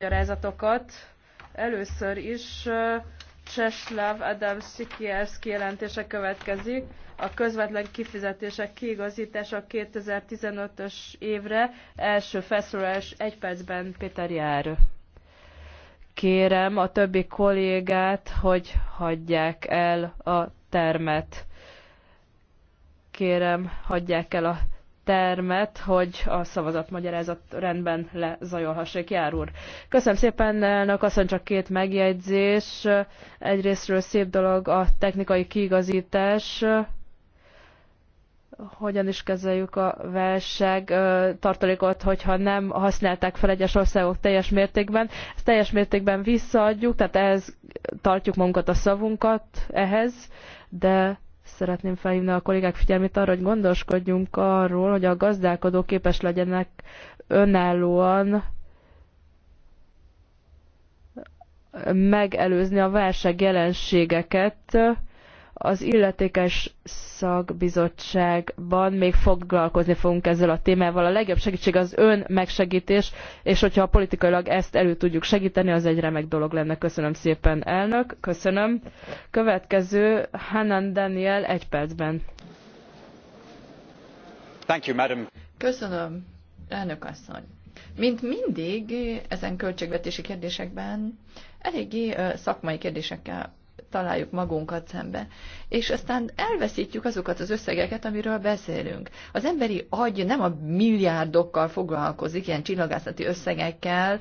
magyarázatokat. Először is Cseslav Adam Szikierszki jelentése következik. A közvetlen kifizetések kiigazítása 2015-ös évre. Első feszülés egy percben Péter Jár. Kérem a többi kollégát, hogy hagyják el a termet. Kérem, hagyják el a termet, hogy a szavazatmagyarázat rendben lezajolhassék, jár úr. Köszönöm szépen, elnök asszony, csak két megjegyzés. Egyrésztről szép dolog a technikai kiigazítás, hogyan is kezeljük a válság tartalékot, hogyha nem használták fel egyes országok teljes mértékben. Ezt teljes mértékben visszaadjuk, tehát ehhez tartjuk magunkat a szavunkat, ehhez, de Szeretném felhívni a kollégák figyelmét arra, hogy gondoskodjunk arról, hogy a gazdálkodó képes legyenek önállóan megelőzni a válság jelenségeket, az illetékes szakbizottságban még foglalkozni fogunk ezzel a témával. A legjobb segítség az ön megsegítés, és hogyha politikailag ezt elő tudjuk segíteni, az egy remek dolog lenne. Köszönöm szépen, elnök. Köszönöm. Következő Hanan Daniel egy percben. Thank you, madam. Köszönöm, elnök asszony. Mint mindig ezen költségvetési kérdésekben eléggé szakmai kérdésekkel találjuk magunkat szembe. És aztán elveszítjük azokat az összegeket, amiről beszélünk. Az emberi agy nem a milliárdokkal foglalkozik, ilyen csillagászati összegekkel,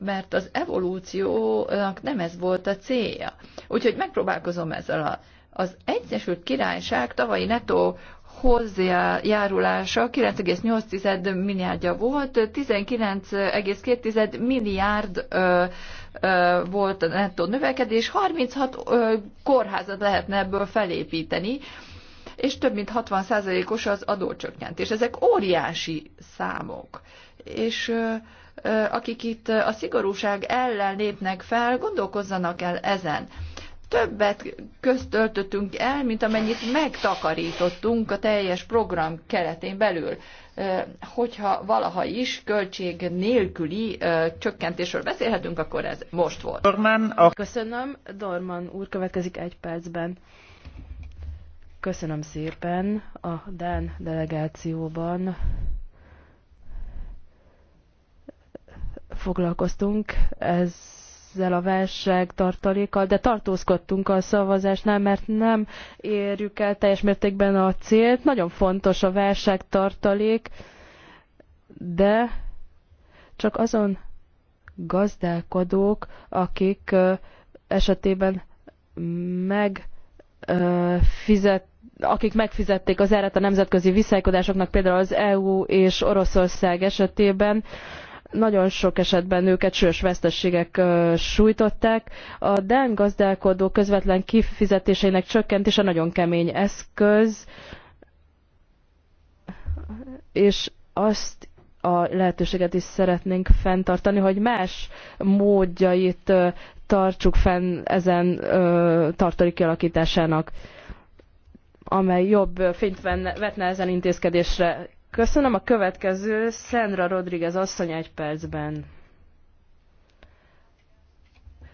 mert az evolúciónak nem ez volt a célja. Úgyhogy megpróbálkozom ezzel a az Egyesült Királyság tavalyi netó hozzájárulása 9,8 milliárdja volt, 19,2 milliárd volt a nettó növekedés, 36 kórházat lehetne ebből felépíteni, és több mint 60%-os az adócsökkentés. Ezek óriási számok. És akik itt a szigorúság ellen lépnek fel, gondolkozzanak el ezen többet köztöltöttünk el, mint amennyit megtakarítottunk a teljes program keretén belül. Hogyha valaha is költség nélküli csökkentésről beszélhetünk, akkor ez most volt. Dorman, a... Köszönöm. Dorman úr következik egy percben. Köszönöm szépen a Dán delegációban. Foglalkoztunk ez ezzel a válság tartalékkal, de tartózkodtunk a szavazásnál, mert nem érjük el teljes mértékben a célt. Nagyon fontos a válság tartalék, de csak azon gazdálkodók, akik esetében meg fizet, akik megfizették az árat a nemzetközi viszálykodásoknak, például az EU és Oroszország esetében, nagyon sok esetben őket súlyos vesztességek sújtották. A Dán gazdálkodó közvetlen kifizetéseinek csökkentése nagyon kemény eszköz, és azt a lehetőséget is szeretnénk fenntartani, hogy más módjait tartsuk fenn ezen tartalék kialakításának amely jobb fényt vetne ezen intézkedésre. Köszönöm a következő, Szendra Rodriguez asszony egy percben.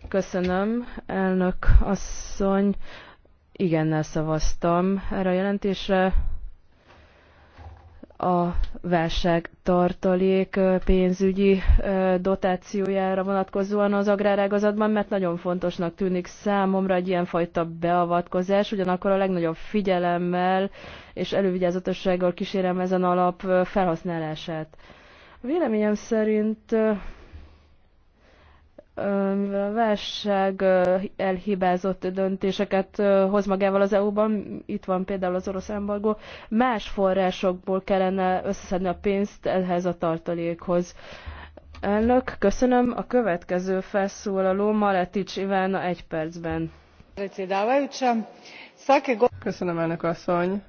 Köszönöm, elnök asszony. Igennel szavaztam erre a jelentésre a válság tartalék pénzügyi dotációjára vonatkozóan az agrárágazatban, mert nagyon fontosnak tűnik számomra egy ilyenfajta beavatkozás, ugyanakkor a legnagyobb figyelemmel és elővigyázatossággal kísérem ezen alap felhasználását. Véleményem szerint mivel a válság elhibázott döntéseket hoz magával az EU-ban, itt van például az orosz embargó, más forrásokból kellene összeszedni a pénzt ehhez a tartalékhoz. Elnök, köszönöm. A következő felszólaló Maletics Ivána egy percben. Köszönöm, elnök asszony.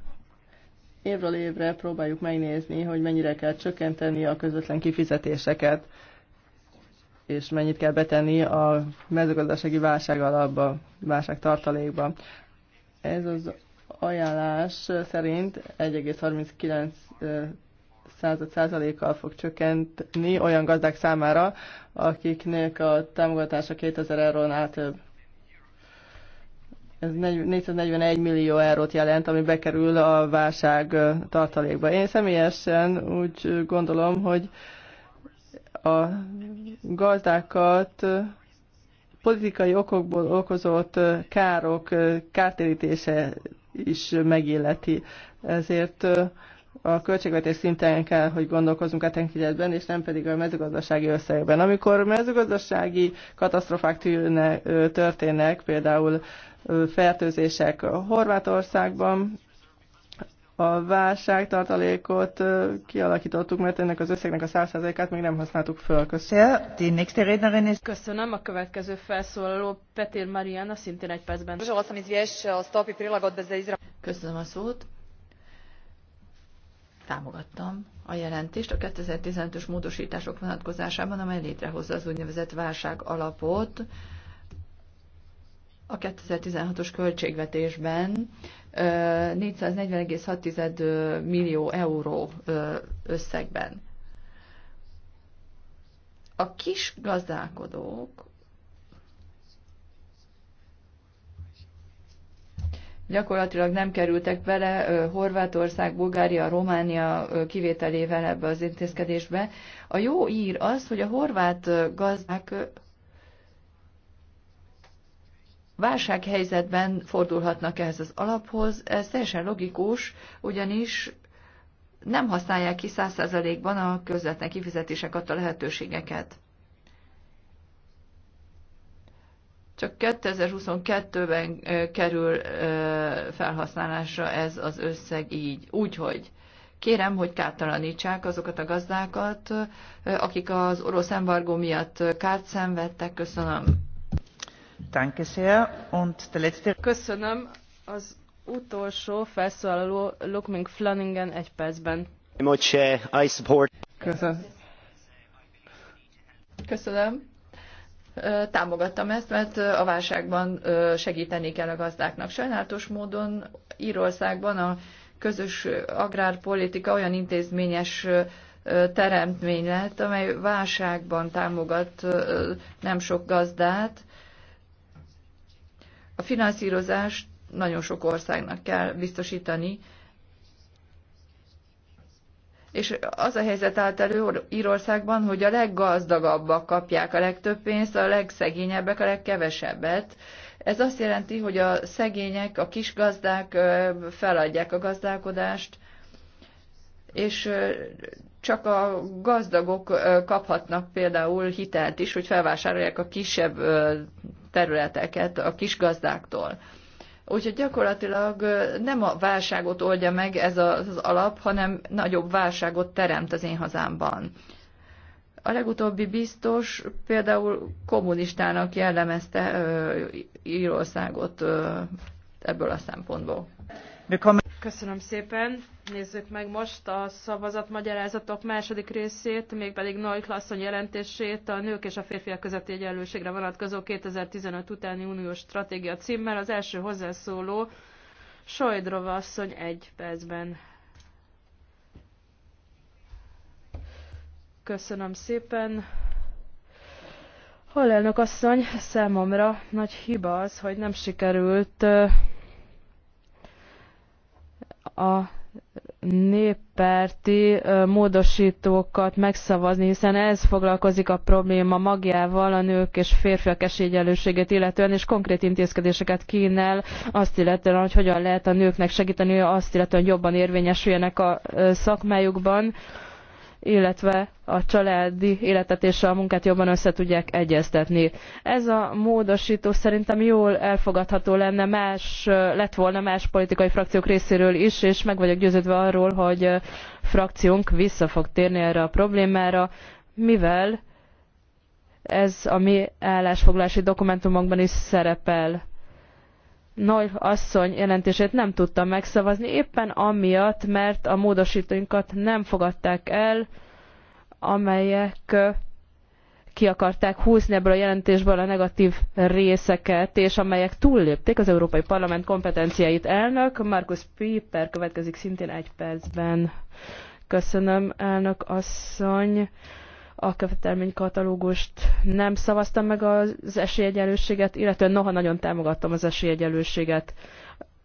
Évről évre próbáljuk megnézni, hogy mennyire kell csökkenteni a közvetlen kifizetéseket és mennyit kell betenni a mezőgazdasági válság alapba, válság tartalékba. Ez az ajánlás szerint 1,39 kal fog csökkentni olyan gazdák számára, akiknek a támogatása 2000 eurónál több. Ez 441 millió eurót jelent, ami bekerül a válság tartalékba. Én személyesen úgy gondolom, hogy a gazdákat politikai okokból okozott károk kártérítése is megilleti. Ezért a költségvetés szinten kell, hogy gondolkozunk a tekintetben, és nem pedig a mezőgazdasági összegben. Amikor mezőgazdasági katasztrofák történnek, például fertőzések Horvátországban, a válságtartalékot kialakítottuk, mert ennek az összegnek a 100%-át még nem használtuk föl. Köszönöm. Köszönöm. A következő felszólaló Petér Mariana, szintén egy percben. Köszönöm a szót. Támogattam a jelentést a 2015-ös módosítások vonatkozásában, amely létrehozza az úgynevezett válság alapot a 2016-os költségvetésben 440,6 millió euró összegben. A kis gazdálkodók gyakorlatilag nem kerültek bele Horvátország, Bulgária, Románia kivételével ebbe az intézkedésbe. A jó ír az, hogy a horvát gazdák válsághelyzetben fordulhatnak ehhez az alaphoz. Ez teljesen logikus, ugyanis nem használják ki száz százalékban a közvetlen kifizetések adta lehetőségeket. Csak 2022-ben kerül felhasználásra ez az összeg így. Úgyhogy kérem, hogy kártalanítsák azokat a gazdákat, akik az orosz embargó miatt kárt szenvedtek. Köszönöm. Köszönöm. Az utolsó felszólaló Lukmink Flanagan egy percben. Köszönöm. Köszönöm. Támogattam ezt, mert a válságban segíteni kell a gazdáknak. Sajnálatos módon Írországban a közös agrárpolitika olyan intézményes teremtmény lett, amely válságban támogat nem sok gazdát, a finanszírozást nagyon sok országnak kell biztosítani, és az a helyzet állt elő Írországban, hogy a leggazdagabbak kapják a legtöbb pénzt, a legszegényebbek a legkevesebbet. Ez azt jelenti, hogy a szegények, a kis gazdák feladják a gazdálkodást, és csak a gazdagok kaphatnak például hitelt is, hogy felvásárolják a kisebb területeket a kis Úgyhogy gyakorlatilag nem a válságot oldja meg ez az alap, hanem nagyobb válságot teremt az én hazámban. A legutóbbi biztos például kommunistának jellemezte Írországot ebből a szempontból. Köszönöm szépen. Nézzük meg most a szavazat magyarázatok második részét, mégpedig Noy Klasszony jelentését a nők és a férfiak közötti egyenlőségre vonatkozó 2015 utáni uniós stratégia címmel. Az első hozzászóló Sojdrova asszony egy percben. Köszönöm szépen. Halelnök asszony, számomra nagy hiba az, hogy nem sikerült a néppárti módosítókat megszavazni, hiszen ez foglalkozik a probléma magjával, a nők és férfiak esélyegyenlőségét illetően, és konkrét intézkedéseket kínál azt illetően, hogy hogyan lehet a nőknek segíteni, azt illetően jobban érvényesüljenek a szakmájukban illetve a családi életet és a munkát jobban össze tudják egyeztetni. Ez a módosító szerintem jól elfogadható lenne, más lett volna más politikai frakciók részéről is, és meg vagyok győződve arról, hogy frakciónk vissza fog térni erre a problémára, mivel ez a mi állásfoglalási dokumentumokban is szerepel. Noy asszony jelentését nem tudtam megszavazni, éppen amiatt, mert a módosítóinkat nem fogadták el, amelyek ki akarták húzni ebből a jelentésből a negatív részeket, és amelyek túllépték az Európai Parlament kompetenciáit. Elnök Markus Piper következik szintén egy percben. Köszönöm, elnök asszony a követelménykatalógust nem szavaztam meg az esélyegyenlőséget, illetve noha nagyon támogattam az esélyegyenlőséget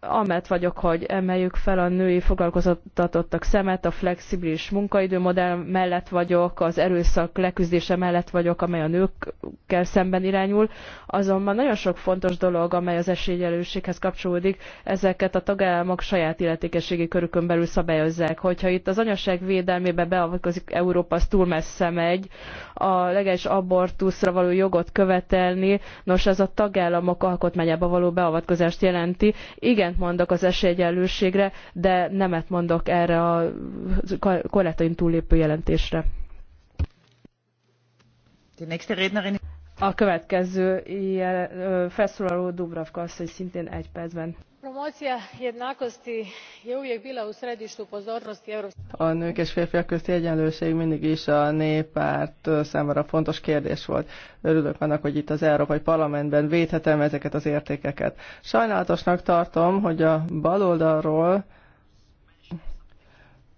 amellett vagyok, hogy emeljük fel a női foglalkoztatottak szemet, a flexibilis munkaidőmodell mellett vagyok, az erőszak leküzdése mellett vagyok, amely a nőkkel szemben irányul. Azonban nagyon sok fontos dolog, amely az esélyelőséghez kapcsolódik, ezeket a tagállamok saját illetékességi körükön belül szabályozzák. Hogyha itt az anyaság védelmébe beavatkozik Európa, az túl messze megy. A legális abortuszra való jogot követelni, nos ez a tagállamok alkotmányába való beavatkozást jelenti. Igen, igent mondok az esélyegyenlőségre, de nemet mondok erre a korlátain túllépő jelentésre. A következő felszólaló Dubravka asszony szintén egy percben promocija jednakosti je uvijek bila u središtu pozornosti a nők és férfiak közti egyenlőség mindig is a néppárt számára fontos kérdés volt. Örülök annak, hogy itt az Európai Parlamentben védhetem ezeket az értékeket. Sajnálatosnak tartom, hogy a baloldalról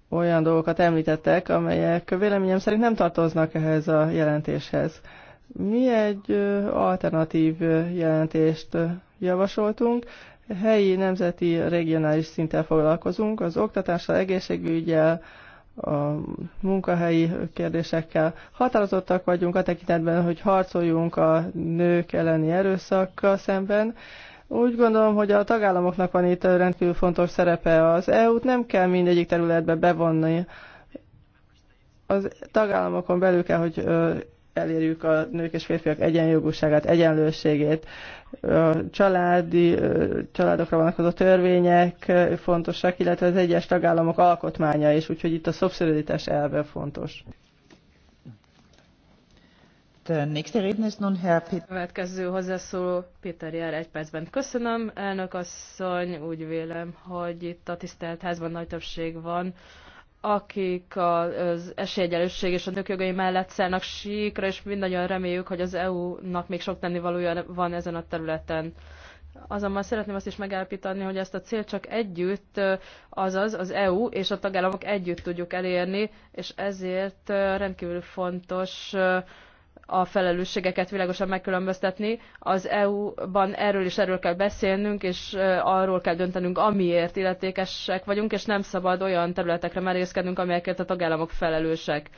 olyan dolgokat említettek, amelyek véleményem szerint nem tartoznak ehhez a jelentéshez. Mi egy alternatív jelentést javasoltunk, helyi, nemzeti, regionális szinten foglalkozunk, az oktatással, egészségügyel, a munkahelyi kérdésekkel. Határozottak vagyunk a tekintetben, hogy harcoljunk a nők elleni erőszakkal szemben. Úgy gondolom, hogy a tagállamoknak van itt rendkívül fontos szerepe. Az EU-t nem kell mindegyik területbe bevonni. Az tagállamokon belül kell, hogy elérjük a nők és férfiak egyenjogúságát, egyenlőségét. A családi, családokra vonatkozó törvények fontosak, illetve az egyes tagállamok alkotmánya is, úgyhogy itt a szubszidiaritás elve fontos. A Következő hozzászóló Péter Jár egy percben. Köszönöm, elnök asszony, úgy vélem, hogy itt a tisztelt házban nagy többség van akik az esélyegyenlőség és a nők jogai mellett szállnak síkra, és mindannyian reméljük, hogy az EU-nak még sok tennivalója van ezen a területen. Azonban szeretném azt is megállapítani, hogy ezt a cél csak együtt, azaz az EU és a tagállamok együtt tudjuk elérni, és ezért rendkívül fontos a felelősségeket világosan megkülönböztetni. Az EU-ban erről is erről kell beszélnünk, és arról kell döntenünk, amiért illetékesek vagyunk, és nem szabad olyan területekre merészkednünk, amelyeket a tagállamok felelősek.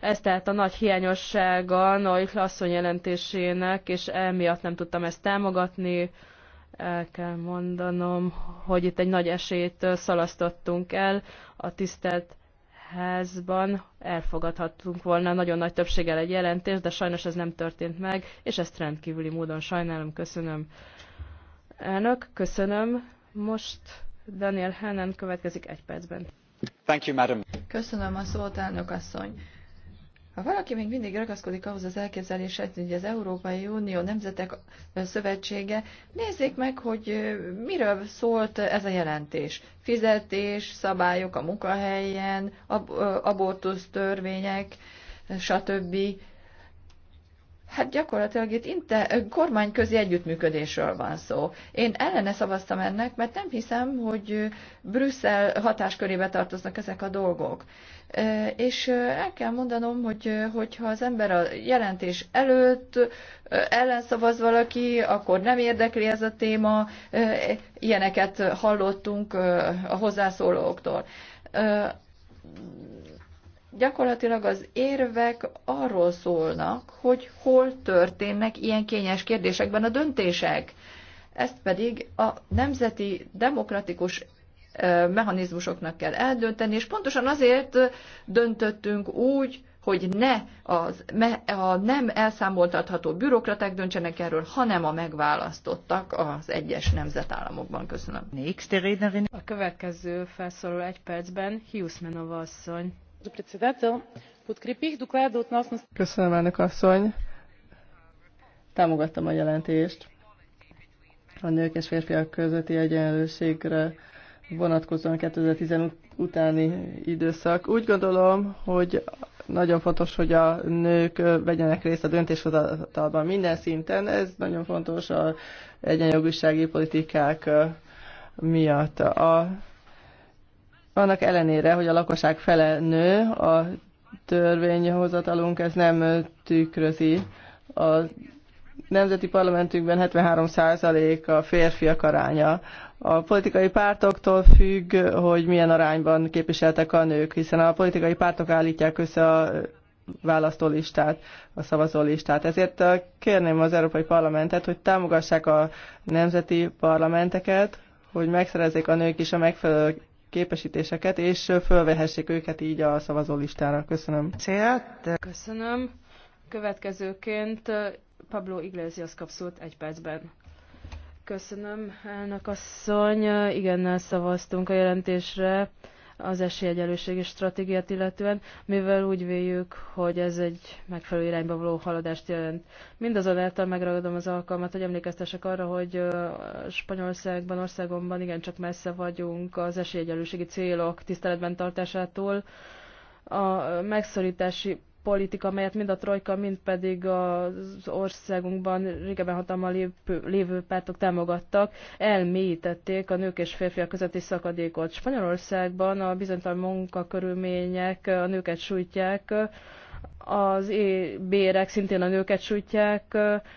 Ez tehát a nagy hiányossága Noik klasszony jelentésének, és emiatt nem tudtam ezt támogatni. El kell mondanom, hogy itt egy nagy esélyt szalasztottunk el a tisztelt házban elfogadhattunk volna nagyon nagy többséggel egy jelentést, de sajnos ez nem történt meg, és ezt rendkívüli módon sajnálom, köszönöm. Elnök, köszönöm. Most Daniel Hennen következik egy percben. Thank you, madam. Köszönöm a szót, elnök asszony. Ha valaki még mindig ragaszkodik ahhoz az elképzeléshez, hogy az Európai Unió Nemzetek Szövetsége, nézzék meg, hogy miről szólt ez a jelentés. Fizetés, szabályok a munkahelyen, ab, abortusz törvények, stb. Hát gyakorlatilag itt inte, kormányközi együttműködésről van szó. Én ellene szavaztam ennek, mert nem hiszem, hogy Brüsszel hatáskörébe tartoznak ezek a dolgok. És el kell mondanom, hogy hogyha az ember a jelentés előtt ellenszavaz valaki, akkor nem érdekli ez a téma. Ilyeneket hallottunk a hozzászólóktól gyakorlatilag az érvek arról szólnak, hogy hol történnek ilyen kényes kérdésekben a döntések. Ezt pedig a nemzeti demokratikus mechanizmusoknak kell eldönteni, és pontosan azért döntöttünk úgy, hogy ne az, a nem elszámoltatható bürokraták döntsenek erről, hanem a megválasztottak az egyes nemzetállamokban. Köszönöm. A következő felszóló egy percben Hughes Menova asszony. Köszönöm, elnök asszony. Támogattam a jelentést a nők és férfiak közötti egyenlőségre vonatkozóan 2010 utáni időszak. Úgy gondolom, hogy nagyon fontos, hogy a nők vegyenek részt a döntéshozatalban minden szinten. Ez nagyon fontos a egyenjogúsági politikák miatt. A annak ellenére, hogy a lakosság fele nő, a törvényhozatalunk ez nem tükrözi. A nemzeti parlamentünkben 73% a férfiak aránya. A politikai pártoktól függ, hogy milyen arányban képviseltek a nők, hiszen a politikai pártok állítják össze a választólistát, a szavazólistát. Ezért uh, kérném az Európai Parlamentet, hogy támogassák a nemzeti parlamenteket, hogy megszerezzék a nők is a megfelelő képesítéseket, és fölvehessék őket így a szavazólistára. Köszönöm. Célt. Köszönöm. Következőként Pablo Iglesias kap egy percben. Köszönöm, elnök asszony. Igennel szavaztunk a jelentésre az esélyegyelőségi stratégiát illetően, mivel úgy véljük, hogy ez egy megfelelő irányba való haladást jelent. Mindazonáltal megragadom az alkalmat, hogy emlékeztesek arra, hogy Spanyolországban, országomban igencsak messze vagyunk az esélyegyelőségi célok tiszteletben tartásától, a megszorítási politika, melyet mind a trojka, mind pedig az országunkban régebben hatalmal lévő pártok támogattak, elmélyítették a nők és férfiak közötti szakadékot. Spanyolországban a bizonytalan munkakörülmények a nőket sújtják, az bérek szintén a nőket sújtják,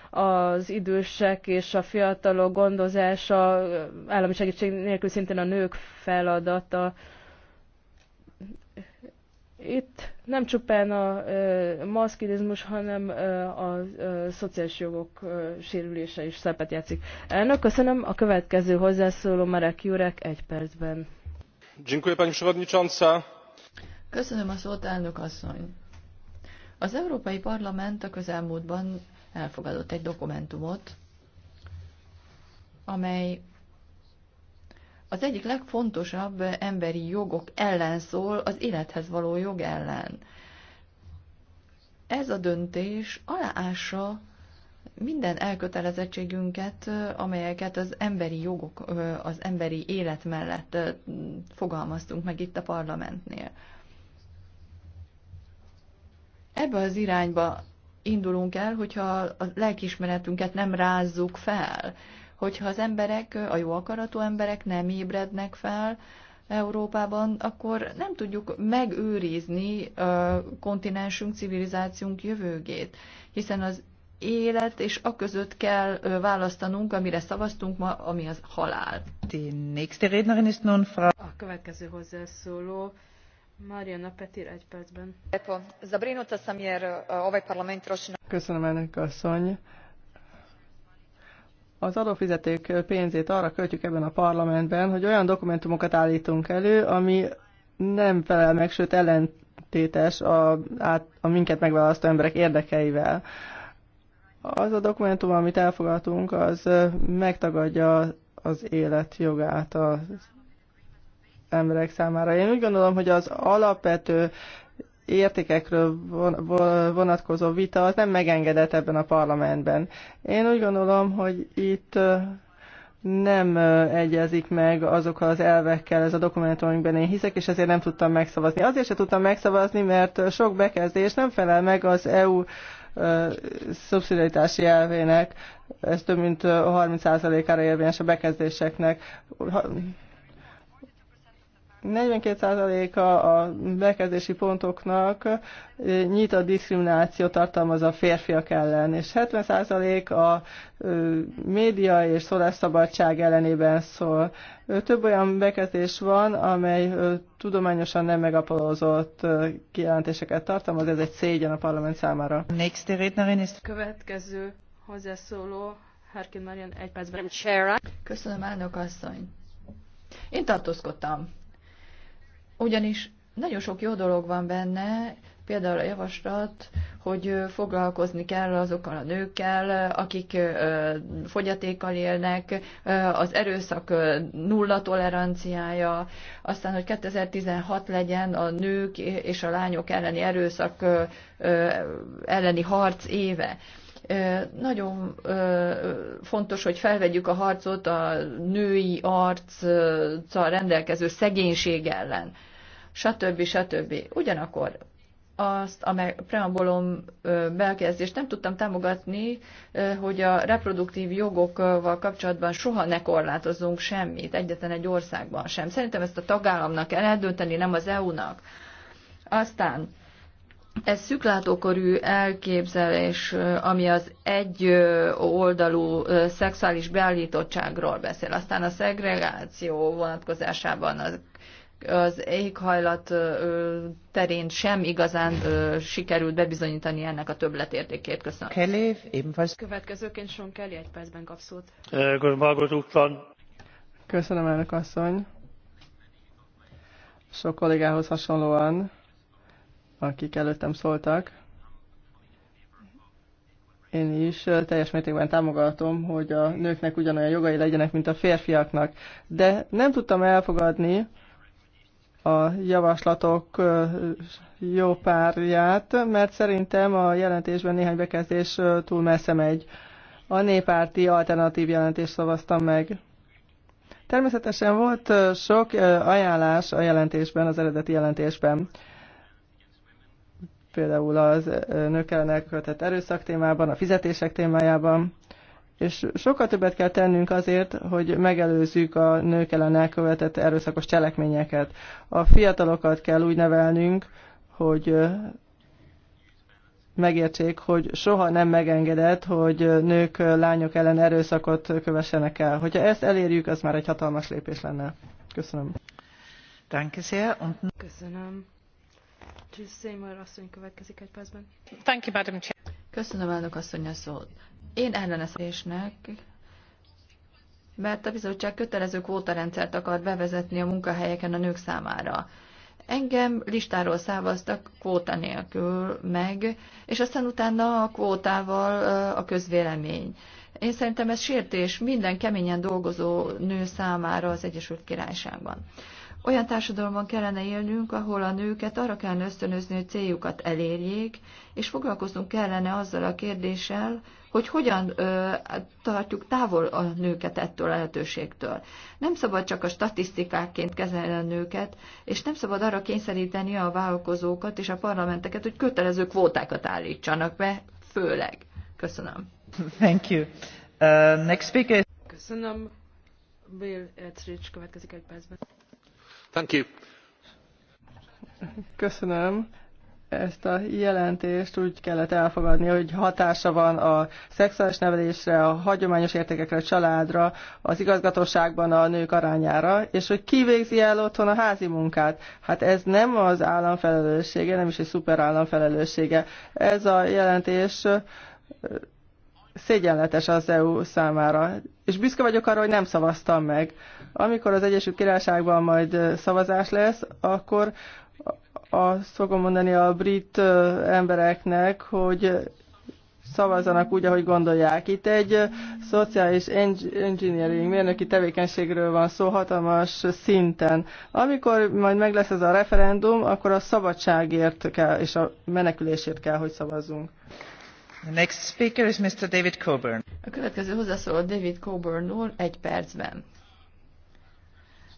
az idősek és a fiatalok gondozása állami segítség nélkül szintén a nők feladata. Itt nem csupán a maszkidizmus, hanem a szociális jogok sérülése is szerepet játszik. Elnök, köszönöm. A következő hozzászóló Marek Jurek egy percben. Dziękuję, pani przewodnicząca. Köszönöm a szót, elnök asszony. Az Európai Parlament a közelmúltban elfogadott egy dokumentumot, amely az egyik legfontosabb emberi jogok ellen szól, az élethez való jog ellen. Ez a döntés aláássa minden elkötelezettségünket, amelyeket az emberi jogok, az emberi élet mellett fogalmaztunk meg itt a parlamentnél. Ebbe az irányba indulunk el, hogyha a lelkismeretünket nem rázzuk fel hogyha az emberek, a jó akaratú emberek nem ébrednek fel Európában, akkor nem tudjuk megőrizni a kontinensünk, civilizációnk jövőgét, hiszen az élet, és a között kell választanunk, amire szavaztunk ma, ami az halál. A következő hozzászóló Mariana Petir egy percben. Köszönöm, elnök asszony az adófizetők pénzét arra költjük ebben a parlamentben, hogy olyan dokumentumokat állítunk elő, ami nem felel meg, sőt ellentétes a, át, a minket megválasztó emberek érdekeivel. Az a dokumentum, amit elfogadtunk, az megtagadja az élet jogát az emberek számára. Én úgy gondolom, hogy az alapvető értékekről vonatkozó vita az nem megengedett ebben a parlamentben. Én úgy gondolom, hogy itt nem egyezik meg azokkal az elvekkel ez a dokumentum, amiben én hiszek, és ezért nem tudtam megszavazni. Azért sem tudtam megszavazni, mert sok bekezdés nem felel meg az EU szubszidiaritási elvének, ez több mint 30%-ára érvényes a bekezdéseknek. 42%-a a bekezdési pontoknak eh, nyit a diszkrimináció tartalmaz a férfiak ellen, és 70% a eh, média és szólásszabadság ellenében szól. Eh, több olyan bekezdés van, amely tudományosan nem megapolozott kijelentéseket tartalmaz, ez egy szégyen a parlament számára. Következő hozzászóló, Harkin Marian, egy percben. Köszönöm, elnök asszony. Én tartózkodtam ugyanis nagyon sok jó dolog van benne, például a javaslat, hogy foglalkozni kell azokkal a nőkkel, akik fogyatékkal élnek, az erőszak nulla toleranciája, aztán, hogy 2016 legyen a nők és a lányok elleni erőszak elleni harc éve. Nagyon fontos, hogy felvegyük a harcot a női arccal rendelkező szegénység ellen, stb. stb. Ugyanakkor azt a preambulum belkezdést nem tudtam támogatni, hogy a reproduktív jogokkal kapcsolatban soha ne korlátozzunk semmit, egyetlen egy országban sem. Szerintem ezt a tagállamnak kell eldönteni, nem az EU-nak. Aztán ez szüklátókorű elképzelés, ami az egy oldalú szexuális beállítottságról beszél. Aztán a szegregáció vonatkozásában az, az éghajlat terén sem igazán sikerült bebizonyítani ennek a többletértékét. Köszönöm. Kelly, ebenfalls. Következőként Sean Kelly egy percben kap szót. Köszönöm, elnök asszony. Sok kollégához hasonlóan akik előttem szóltak. Én is teljes mértékben támogatom, hogy a nőknek ugyanolyan jogai legyenek, mint a férfiaknak. De nem tudtam elfogadni a javaslatok jó párját, mert szerintem a jelentésben néhány bekezdés túl messze megy. A népárti alternatív jelentést szavaztam meg. Természetesen volt sok ajánlás a jelentésben, az eredeti jelentésben például az nők ellen elkövetett erőszak témában, a fizetések témájában, és sokkal többet kell tennünk azért, hogy megelőzzük a nők ellen elkövetett erőszakos cselekményeket. A fiatalokat kell úgy nevelnünk, hogy megértsék, hogy soha nem megengedett, hogy nők, lányok ellen erőszakot kövessenek el. Hogyha ezt elérjük, az már egy hatalmas lépés lenne. Köszönöm. Köszönöm. Seymour asszony következik egy percben. Thank you, Madam Chair. Köszönöm, elnök asszony, a szót. Én elleneszésnek, mert a bizottság kötelező kvótarendszert akar bevezetni a munkahelyeken a nők számára. Engem listáról szávaztak kvóta nélkül meg, és aztán utána a kvótával a közvélemény. Én szerintem ez sértés minden keményen dolgozó nő számára az Egyesült Királyságban. Olyan társadalomban kellene élnünk, ahol a nőket arra kell ösztönözni, hogy céljukat elérjék, és foglalkoznunk kellene azzal a kérdéssel, hogy hogyan ö, tartjuk távol a nőket ettől a lehetőségtől. Nem szabad csak a statisztikákként kezelni a nőket, és nem szabad arra kényszeríteni a vállalkozókat és a parlamenteket, hogy kötelező kvótákat állítsanak be, főleg. Köszönöm. Thank you. Uh, next speaker. Köszönöm. Bill Etheridge következik egy percben. Köszönöm. Ezt a jelentést úgy kellett elfogadni, hogy hatása van a szexuális nevelésre, a hagyományos értékekre, a családra, az igazgatóságban a nők arányára, és hogy ki végzi el otthon a házi munkát. Hát ez nem az állam felelőssége, nem is egy szuper állam felelőssége. Ez a jelentés szégyenletes az EU számára. És büszke vagyok arra, hogy nem szavaztam meg. Amikor az Egyesült Királyságban majd szavazás lesz, akkor azt fogom mondani a brit embereknek, hogy szavazzanak úgy, ahogy gondolják. Itt egy szociális engineering, mérnöki tevékenységről van szó hatalmas szinten. Amikor majd meg lesz ez a referendum, akkor a szabadságért kell, és a menekülésért kell, hogy szavazzunk. A következő hozzászóló David Coburn úr egy percben.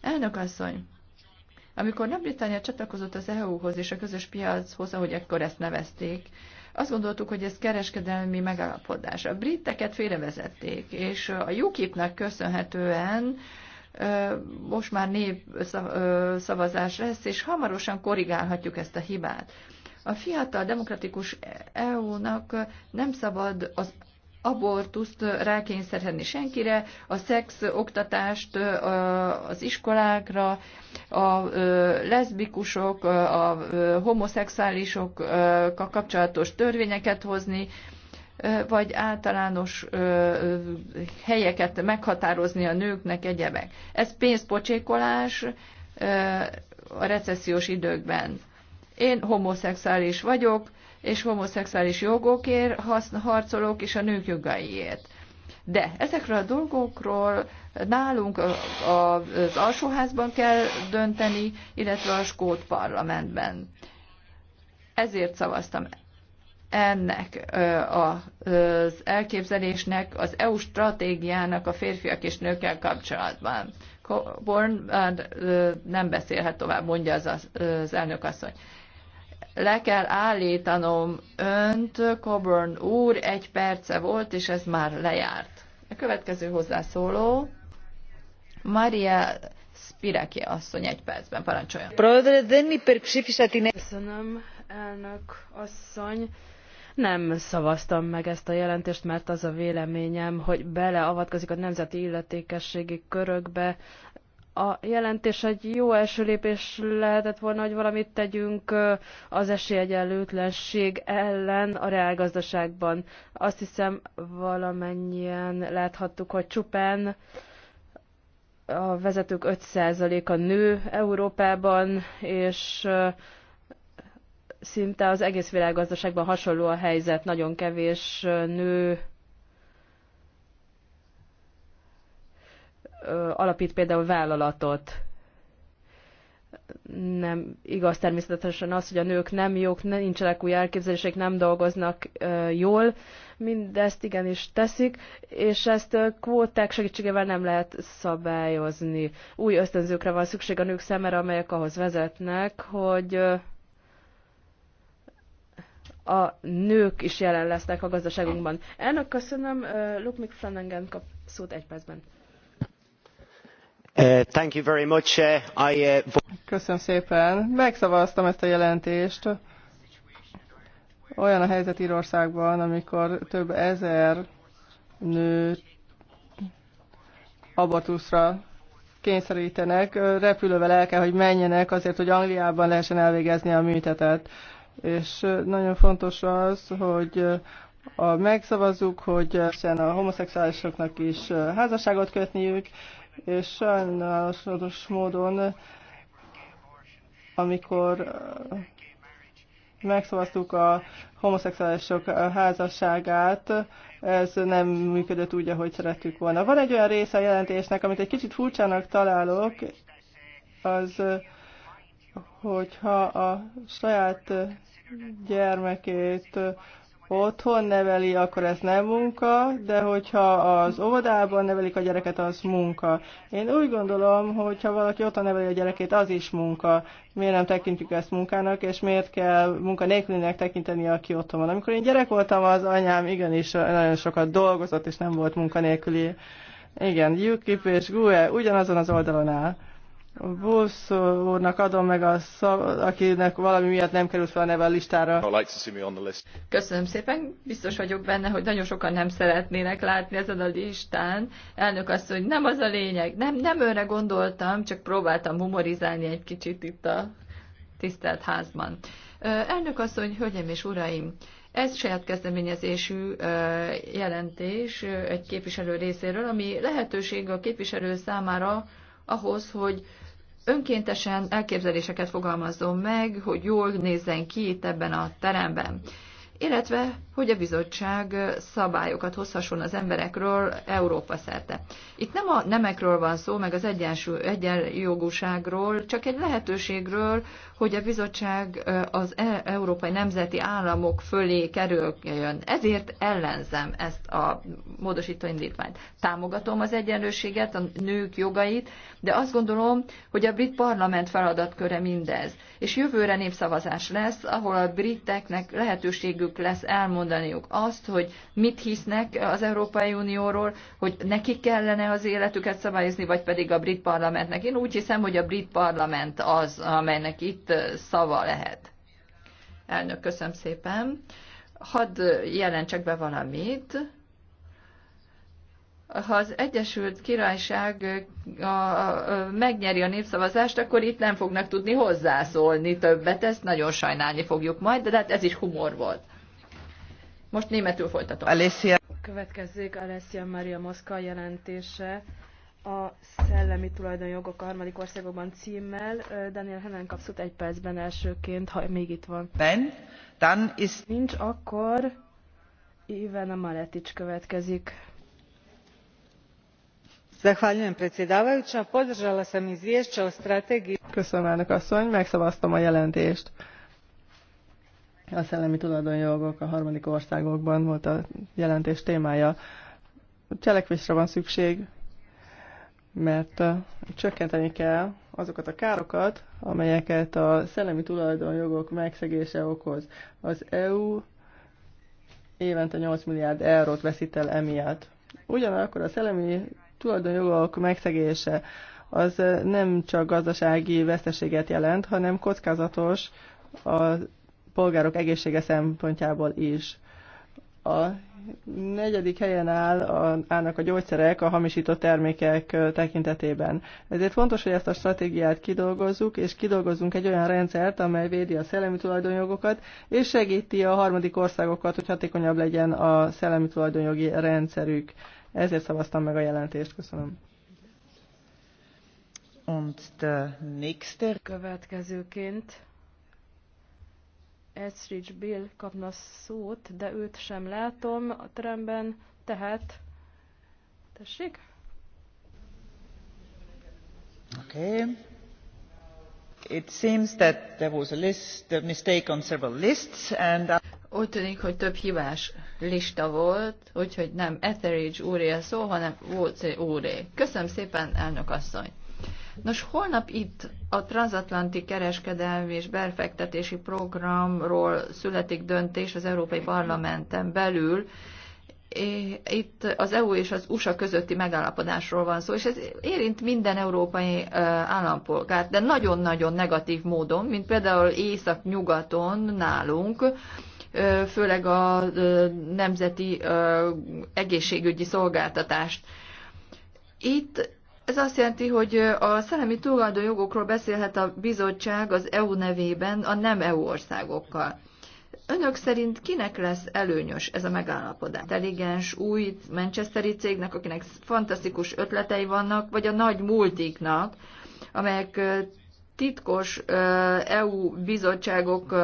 Elnök asszony, amikor Nagy-Britannia csatlakozott az EU-hoz és a közös piachoz, ahogy akkor ezt nevezték, azt gondoltuk, hogy ez kereskedelmi megállapodás. A briteket félrevezették, és a UKIP-nek köszönhetően most már népszavazás lesz, és hamarosan korrigálhatjuk ezt a hibát. A fiatal demokratikus EU-nak nem szabad az abortuszt rákényszerhetni senkire, a szex oktatást az iskolákra, a leszbikusok, a homoszexuálisokkal kapcsolatos törvényeket hozni, vagy általános helyeket meghatározni a nőknek egyebek. Ez pénzpocsékolás a recessziós időkben. Én homoszexuális vagyok, és homoszexuális jogokért harcolok, és a nők jogaiért. De ezekről a dolgokról nálunk az alsóházban kell dönteni, illetve a skót parlamentben. Ezért szavaztam ennek az elképzelésnek, az EU stratégiának a férfiak és nőkkel kapcsolatban. Born nem beszélhet tovább, mondja az, az elnök asszony. Le kell állítanom önt, Coburn úr, egy perce volt, és ez már lejárt. A következő hozzászóló, Maria Spiraki asszony egy percben, parancsoljon. Köszönöm, elnök asszony. Nem szavaztam meg ezt a jelentést, mert az a véleményem, hogy beleavatkozik a nemzeti illetékességi körökbe, a jelentés egy jó első lépés lehetett volna, hogy valamit tegyünk az esélyegyenlőtlenség ellen a reálgazdaságban. Azt hiszem valamennyien láthattuk, hogy csupán a vezetők 5%-a nő Európában, és szinte az egész világgazdaságban hasonló a helyzet, nagyon kevés nő alapít például vállalatot. Nem igaz természetesen az, hogy a nők nem jók, nincsenek új elképzelések, nem dolgoznak jól, mindezt igenis teszik, és ezt kvóták segítségével nem lehet szabályozni. Új ösztönzőkre van szükség a nők szemére, amelyek ahhoz vezetnek, hogy a nők is jelen lesznek a gazdaságunkban. Elnök, köszönöm. Luke McFlanagan kap szót egy percben. Uh, uh, uh, Köszönöm szépen. Megszavaztam ezt a jelentést. Olyan a helyzet Írországban, amikor több ezer nő abortuszra kényszerítenek, repülővel el kell, hogy menjenek azért, hogy Angliában lehessen elvégezni a műtetet. És nagyon fontos az, hogy a, megszavazzuk, hogy a homoszexuálisoknak is házasságot kötniük, és sajnálatos módon, amikor megszavaztuk a homoszexuálisok házasságát, ez nem működött úgy, ahogy szerettük volna. Van egy olyan része a jelentésnek, amit egy kicsit furcsának találok, az, hogyha a saját gyermekét otthon neveli, akkor ez nem munka, de hogyha az óvodában nevelik a gyereket, az munka. Én úgy gondolom, hogy ha valaki otthon neveli a gyerekét, az is munka. Miért nem tekintjük ezt munkának, és miért kell munka nélkülinek tekinteni, aki otthon van. Amikor én gyerek voltam, az anyám igenis nagyon sokat dolgozott, és nem volt munkanélküli. Igen, UKIP és GUE ugyanazon az oldalon áll. Bulls úrnak adom meg a szav, akinek valami miatt nem került fel a neve a listára. Köszönöm szépen, biztos vagyok benne, hogy nagyon sokan nem szeretnének látni ezen a listán. Elnök azt, hogy nem az a lényeg, nem, nem őre gondoltam, csak próbáltam humorizálni egy kicsit itt a tisztelt házban. Elnök asszony, hölgyeim és uraim, ez saját kezdeményezésű jelentés egy képviselő részéről, ami lehetőség a képviselő számára ahhoz, hogy önkéntesen elképzeléseket fogalmazzon meg, hogy jól nézzen ki itt ebben a teremben. Illetve hogy a bizottság szabályokat hozhasson az emberekről Európa szerte. Itt nem a nemekről van szó, meg az egyenjogúságról, csak egy lehetőségről, hogy a bizottság az e, európai nemzeti államok fölé kerüljön. Ezért ellenzem ezt a módosító indítványt. Támogatom az egyenlőséget, a nők jogait, de azt gondolom, hogy a brit parlament feladatköre mindez. És jövőre népszavazás lesz, ahol a briteknek lehetőségük lesz elmondani, elmondaniuk azt, hogy mit hisznek az Európai Unióról, hogy nekik kellene az életüket szabályozni, vagy pedig a brit parlamentnek. Én úgy hiszem, hogy a brit parlament az, amelynek itt szava lehet. Elnök, köszönöm szépen. Hadd jelentsek be valamit. Ha az Egyesült Királyság a, a, megnyeri a népszavazást, akkor itt nem fognak tudni hozzászólni többet, ezt nagyon sajnálni fogjuk majd, de hát ez is humor volt. Most németül folytatom. Alessia. Következzék Alessia Maria Moszka jelentése a Szellemi Tulajdonjogok a harmadik országokban címmel. Daniel Henen kapszott egy percben elsőként, ha még itt van. Ben, dann ist... Nincs, akkor a Maletics következik. Zahvaljujem predsjedavajuća. Podržala sam izvješće o strategiji... Köszönöm, elnök asszony, megszavaztam a jelentést. A szellemi tulajdonjogok a harmadik országokban volt a jelentés témája. Cselekvésre van szükség, mert csökkenteni kell azokat a károkat, amelyeket a szellemi tulajdonjogok megszegése okoz. Az EU évente 8 milliárd eurót veszít el emiatt. Ugyanakkor a szellemi tulajdonjogok megszegése az nem csak gazdasági veszteséget jelent, hanem kockázatos a polgárok egészsége szempontjából is. A negyedik helyen áll, a, állnak a gyógyszerek a hamisított termékek tekintetében. Ezért fontos, hogy ezt a stratégiát kidolgozzuk, és kidolgozzunk egy olyan rendszert, amely védi a szellemi tulajdonjogokat, és segíti a harmadik országokat, hogy hatékonyabb legyen a szellemi tulajdonjogi rendszerük. Ezért szavaztam meg a jelentést. Köszönöm. Und der nächste következőként Ezrich Bill kapna szót, de őt sem látom a teremben, tehát... Tessék? Okay. It seems that there was a list, a mistake on several lists, and... I... Uh, Úgy tűnik, hogy több hibás lista volt, úgyhogy nem Etheridge úré szó, hanem Wolce úré. Köszönöm szépen, elnök asszony! Nos, holnap itt a transatlanti kereskedelmi és befektetési programról születik döntés az Európai Parlamenten belül. Itt az EU és az USA közötti megállapodásról van szó, és ez érint minden európai állampolgárt, de nagyon-nagyon negatív módon, mint például észak-nyugaton nálunk, főleg a nemzeti egészségügyi szolgáltatást. Itt ez azt jelenti, hogy a szellemi tulajdonjogokról beszélhet a bizottság az EU nevében a nem EU országokkal. Önök szerint kinek lesz előnyös ez a megállapodás? Intelligens, új manchesteri cégnek, akinek fantasztikus ötletei vannak, vagy a nagy multiknak, amelyek titkos EU bizottságok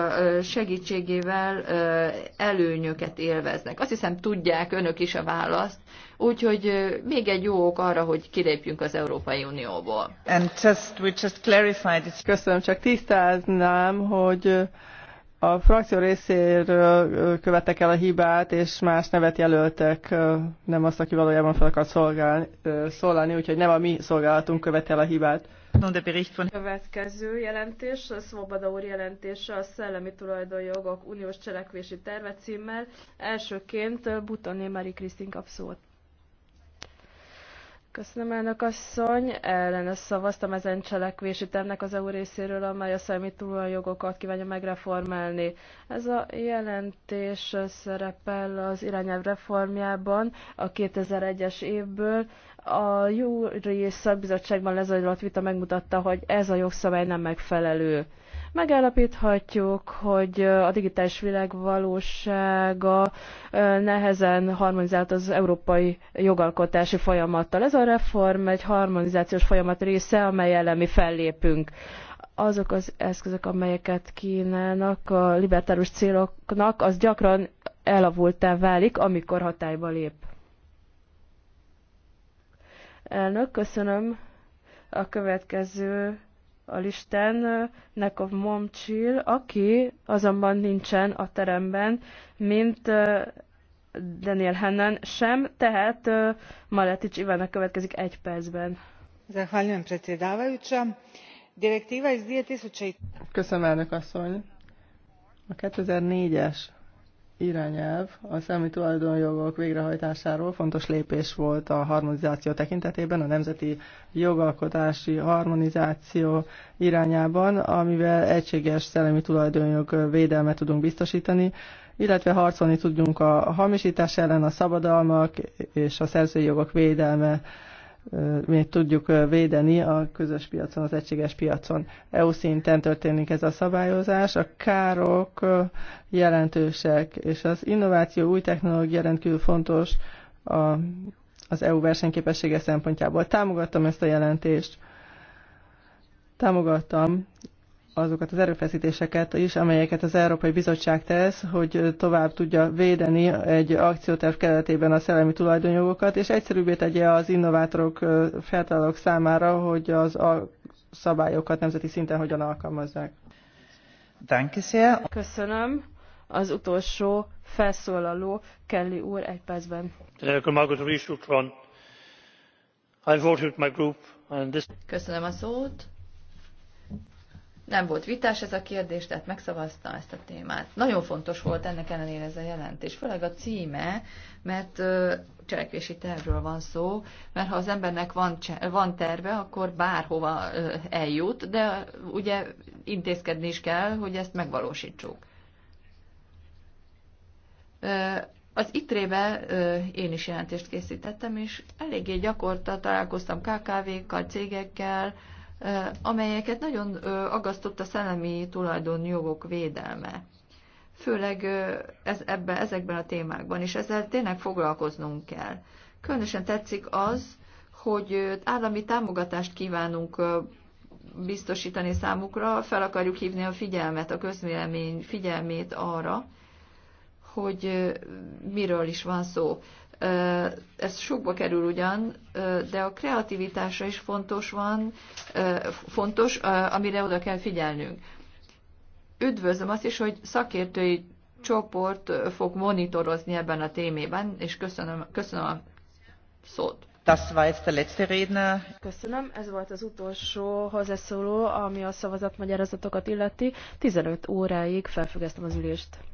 segítségével előnyöket élveznek. Azt hiszem, tudják önök is a választ, Úgyhogy még egy jó ok arra, hogy kilépjünk az Európai Unióból. And just, we just clarified it. Köszönöm, csak tisztáznám, hogy a frakció részéről követtek el a hibát, és más nevet jelöltek, nem azt, aki valójában fel akar szolgálni, szólalni, úgyhogy nem a mi szolgálatunk követte el a hibát. Következő jelentés, a Svoboda úr jelentése a Szellemi Tulajdonjogok Uniós Cselekvési Terve címmel. Elsőként Butani Mari Krisztin kap szót. Köszönöm, elnök asszony. Ellene szavaztam ezen cselekvési tervnek az EU részéről, amely a számítulóan jogokat kívánja megreformálni. Ez a jelentés szerepel az irányelv reformjában a 2001-es évből. A júri szakbizottságban lezajlott vita megmutatta, hogy ez a jogszabály nem megfelelő Megállapíthatjuk, hogy a digitális világ valósága nehezen harmonizált az európai jogalkotási folyamattal. Ez a reform egy harmonizációs folyamat része, amely ellen mi fellépünk azok az eszközök, amelyeket kínálnak a libertárus céloknak, az gyakran elavultá válik, amikor hatályba lép. Elnök, köszönöm. A következő a listán Momcsil, aki azonban nincsen a teremben, mint Daniel Hennen sem, tehát Maletics Ivana következik egy percben. Zahvaljujem predsjedavajuća. Direktíva iz 2000... Köszönöm, elnök asszony. A 2004-es irányelv a szellemi tulajdonjogok végrehajtásáról fontos lépés volt a harmonizáció tekintetében, a nemzeti jogalkotási harmonizáció irányában, amivel egységes szellemi tulajdonjog védelmet tudunk biztosítani, illetve harcolni tudjunk a hamisítás ellen, a szabadalmak és a szerzői jogok védelme mi tudjuk védeni a közös piacon, az egységes piacon. EU szinten történik ez a szabályozás, a károk jelentősek, és az innováció, új technológia rendkívül fontos a, az EU versenyképessége szempontjából. Támogattam ezt a jelentést, támogattam azokat az erőfeszítéseket is, amelyeket az Európai Bizottság tesz, hogy tovább tudja védeni egy akcióterv keretében a szellemi tulajdonjogokat, és egyszerűbbé tegye az innovátorok, feltalálók számára, hogy az a szabályokat nemzeti szinten hogyan alkalmazzák. Köszönöm. Az utolsó felszólaló Kelly úr egy percben. Köszönöm a szót nem volt vitás ez a kérdés, tehát megszavazta ezt a témát. Nagyon fontos volt ennek ellenére ez a jelentés, főleg a címe, mert cselekvési tervről van szó, mert ha az embernek van, van terve, akkor bárhova eljut, de ugye intézkedni is kell, hogy ezt megvalósítsuk. Az ITRÉ-be én is jelentést készítettem, és eléggé gyakorta találkoztam KKV-kkal, cégekkel, amelyeket nagyon aggasztott a szellemi tulajdonjogok védelme. Főleg ez, ebben, ezekben a témákban, és ezzel tényleg foglalkoznunk kell. Különösen tetszik az, hogy állami támogatást kívánunk biztosítani számukra, fel akarjuk hívni a figyelmet, a közvélemény figyelmét arra, hogy miről is van szó. Ez sokba kerül ugyan, de a kreativitásra is fontos van, fontos, amire oda kell figyelnünk. Üdvözlöm azt is, hogy szakértői csoport fog monitorozni ebben a témében, és köszönöm, köszönöm a szót. Das war jetzt der letzte Redner. Köszönöm, ez volt az utolsó hozzászóló, ami a szavazatmagyarázatokat illeti. 15 óráig felfüggesztem az ülést.